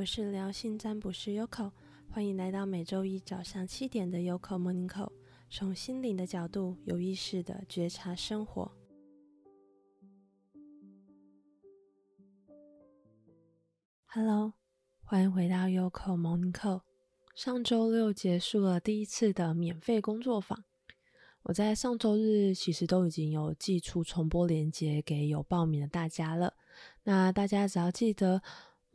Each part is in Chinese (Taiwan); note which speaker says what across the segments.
Speaker 1: 我是療心占卜師 Yoko 歡迎來到每周一早上七點的 Yoko Morning Call，從心靈的角度有意識地覺察生活。Hello，歡迎回到 Yoko Morning Call。上周六結束了第一次的免費工作坊，我在上周日其實都已經有寄出重播鏈接給有報名的大家了。那大家只要記得，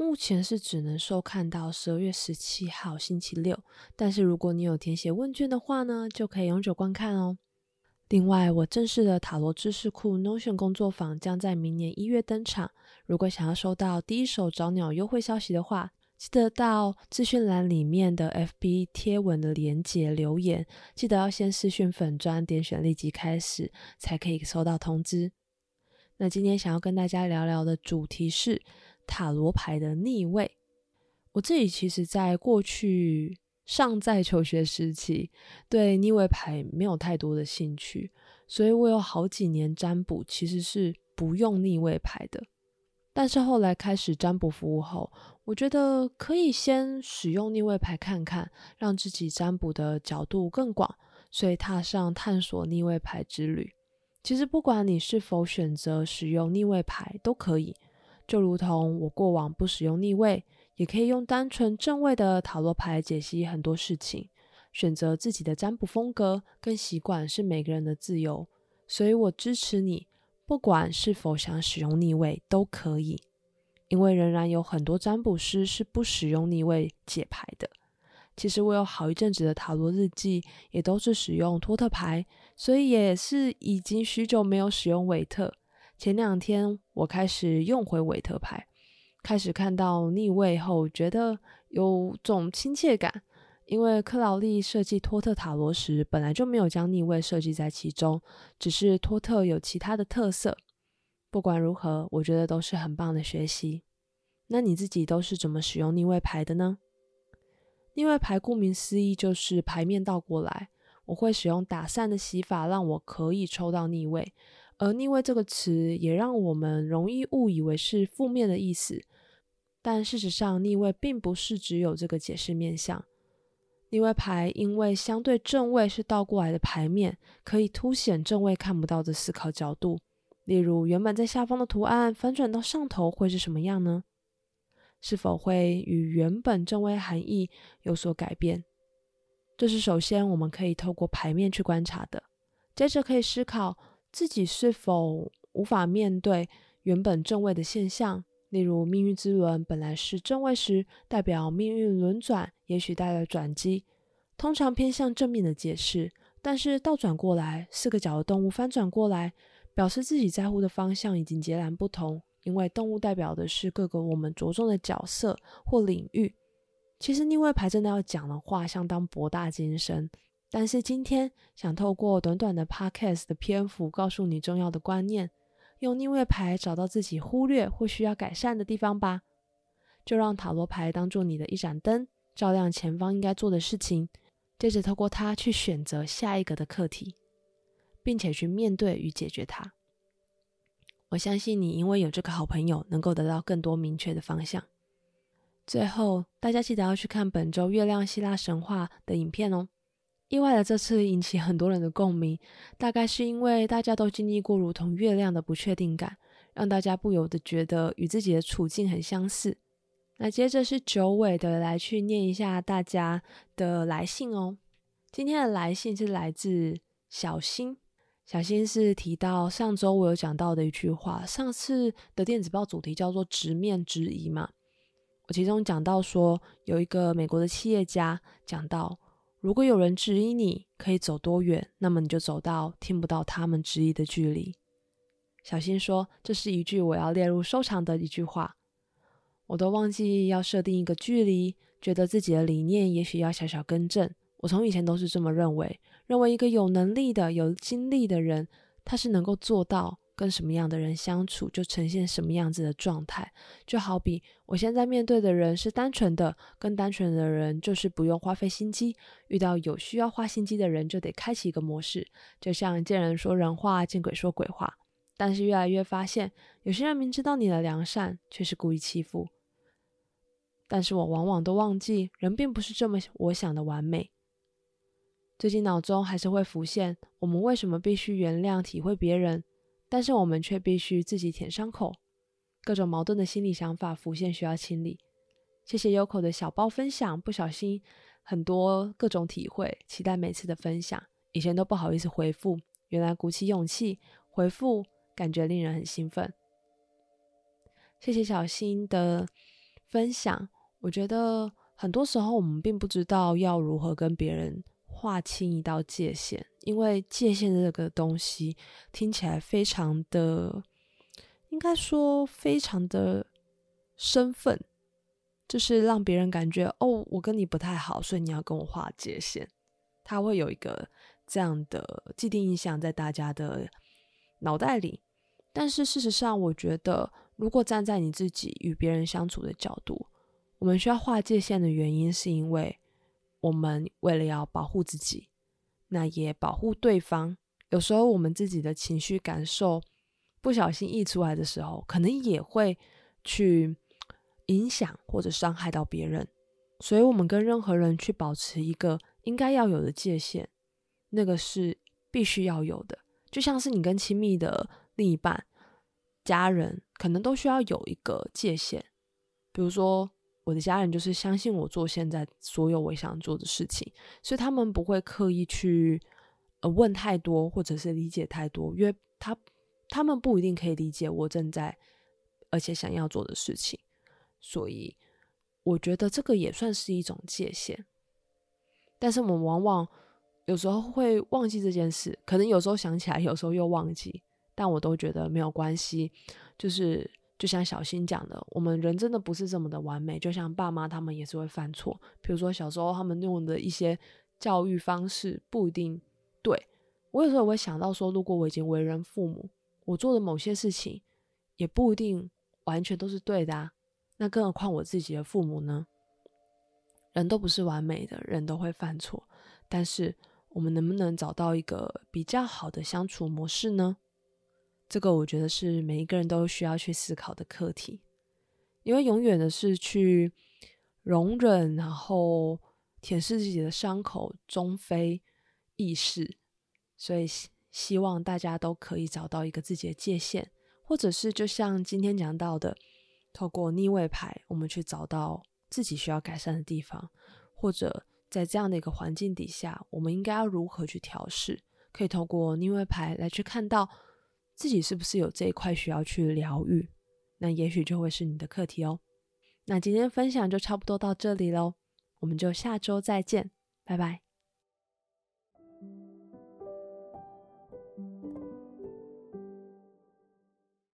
Speaker 1: 目前是只能收看到十二月十七號星期六，但是如果你有填寫問卷的話呢，就可以永久觀看哦。另外，我正式的塔羅知識庫 Notion 工作坊將在明年一月登場。如果想要收到第一手早鳥優惠消息的話，記得到資訊欄裡面的 FB 貼文的連結留言，記得要先私訊粉專，點選立即開始，才可以收到通知。那今天想要跟大家聊聊的主題是，塔羅牌的逆位，我自己其實，在過去尚在求學時期，對逆位牌沒有太多的興趣，所以我有好幾年占卜其實是不用逆位牌的。但是後來開始占卜服務後，我覺得可以先使用逆位牌看看，讓自己占卜的角度更廣，所以踏上探索逆位牌之旅。其實不管你是否選擇使用逆位牌，都可以。就如同我過往不使用逆位，也可以用單純正位的塔羅牌解析很多事情。選擇自己的占卜風格跟習慣是每個人的自由，所以我支持你，不管是否想使用逆位都可以。因為仍然有很多占卜師是不使用逆位解牌的。其實我有好一陣子的塔羅日記，也都是使用托特牌，所以也是已經許久沒有使用韋特。前兩天我開始用回韋特牌，開始看到逆位後，覺得有種親切感，因為克勞利設計托特塔羅時，本來就沒有將逆位設計在其中，只是托特有其他的特色。不管如何，我覺得都是很棒的學習。那你自己都是怎麼使用逆位牌的呢？逆位牌顧名思義就是牌面倒過來，我會使用打散的洗法，讓我可以抽到逆位。而逆位這個詞也讓我們容易誤以為是負面的意思，但事實上，逆位並不是只有這個解釋面向。逆位牌因為相對正位是倒過來的牌面，可以凸顯正位看不到的思考角度。例如，原本在下方的圖案反轉到上頭會是什麼樣呢？是否會與原本正位含義有所改變？這是首先我們可以透過牌面去觀察的，接着可以思考。自己是否無法面對原本正位的現象？例如，命運之輪本來是正位時，代表命運輪轉，也許帶來轉機，通常偏向正面的解釋。但是倒轉過來，四個角的動物翻轉過來，表示自己在乎的方向已經截然不同。因為動物代表的是各個我們着重的角色或領域。其實逆位牌真的要講的話，相當博大精深。但是今天想透過短短的 podcast 的篇幅，告訴你重要的觀念，用逆位牌找到自己忽略或需要改善的地方吧。就讓塔羅牌當做你的一盞燈，照亮前方應該做的事情，接着透過它去選擇下一個的課題，並且去面對與解決它。我相信你，因為有這個好朋友，能夠得到更多明確的方向。最後，大家記得要去看本周月亮希臘神話的影片哦。意外的這次引起很多人的共鳴，大概是因為大家都經歷過如同月亮的不確定感，讓大家不由得覺得與自己的處境很相似。那接着是九尾的來去念一下大家的來信哦。今天的來信是來自小新，小新是提到上周我有講到的一句話，上次的電子報主題叫做直面質疑嘛，我其中講到說有一個美國的企業家講到。如果有人質疑你可以走多遠，那麼你就走到聽不到他們質疑的距離。小新說：“這是一句我要列入收藏的一句話。”我都忘記要設定一個距離，覺得自己的理念也許要小小更正。我從以前都是這麼認為，認為一個有能力的、有經歷的人，他是能夠做到。跟什麼樣的人相處，就呈現什麼樣子的狀態。就好比我現在面對的人是單純的，跟單純的人就是不用花費心機；遇到有需要花心機的人，就得開啟一個模式，就像見人說人話，見鬼說鬼話。但是越來越發現，有些人明知道你的良善，卻是故意欺負。但是我往往都忘記，人並不是這麼我想的完美。最近腦中還是會浮現，我們為什麼必須原諒、體會別人？但是我們卻必須自己舔傷口，各種矛盾的心理想法浮現，需要清理。謝謝 Yoko 的小包分享，不小心很多各種體會，期待每次的分享。以前都不好意思回復，原來鼓起勇氣回復，感覺令人很興奮。謝謝小新的分享，我覺得很多時候我們並不知道要如何跟別人。劃清一道界限，因為界限的這個東西聽起來非常的，應該說非常的生分，就是讓別人感覺哦，我跟你不太好，所以你要跟我劃界限，他會有一個這樣的既定印象在大家的腦袋裡。但是事實上，我覺得如果站在你自己與別人相處的角度，我們需要劃界限的原因是因為。我們為了要保護自己，那也保護對方。有時候我們自己的情緒感受不小心溢出來的時候，可能也會去影響或者傷害到別人。所以，我們跟任何人去保持一個應該要有的界限，那個是必須要有的。就像是你跟親密的另一半、家人，可能都需要有一個界限，比如說。我的家人就是相信我做現在所有我想做的事情，所以他們不會刻意去呃問太多，或者是理解太多，因為他他們不一定可以理解我正在而且想要做的事情，所以我覺得這個也算是一種界限。但是我們往往有時候會忘記這件事，可能有時候想起來，有時候又忘記，但我都覺得沒有關係，就是。就像小新講的，我們人真的不是這麼的完美。就像爸媽他們也是會犯錯，比如說小時候他們用的一些教育方式不一定對。我有時候也會想到說，如果我已經為人父母，我做的某些事情也不一定完全都是對的啊。那更何況我自己的父母呢？人都不是完美的，人都會犯錯。但是我們能不能找到一個比較好的相處模式呢？這個我覺得是每一個人都需要去思考的課題，因為永遠的是去容忍，然後舔舐自己的傷口，終非易事。所以希望大家都可以找到一個自己的界限，或者是就像今天講到的，透過逆位牌，我們去找到自己需要改善的地方，或者在這樣的一個環境底下，我們應該要如何去調試，可以透過逆位牌來去看到。自己是不是有這一塊需要去療癒？那也許就會是你的課題哦。那今天分享就差不多到這裡嘍，我們就下周再見，拜拜。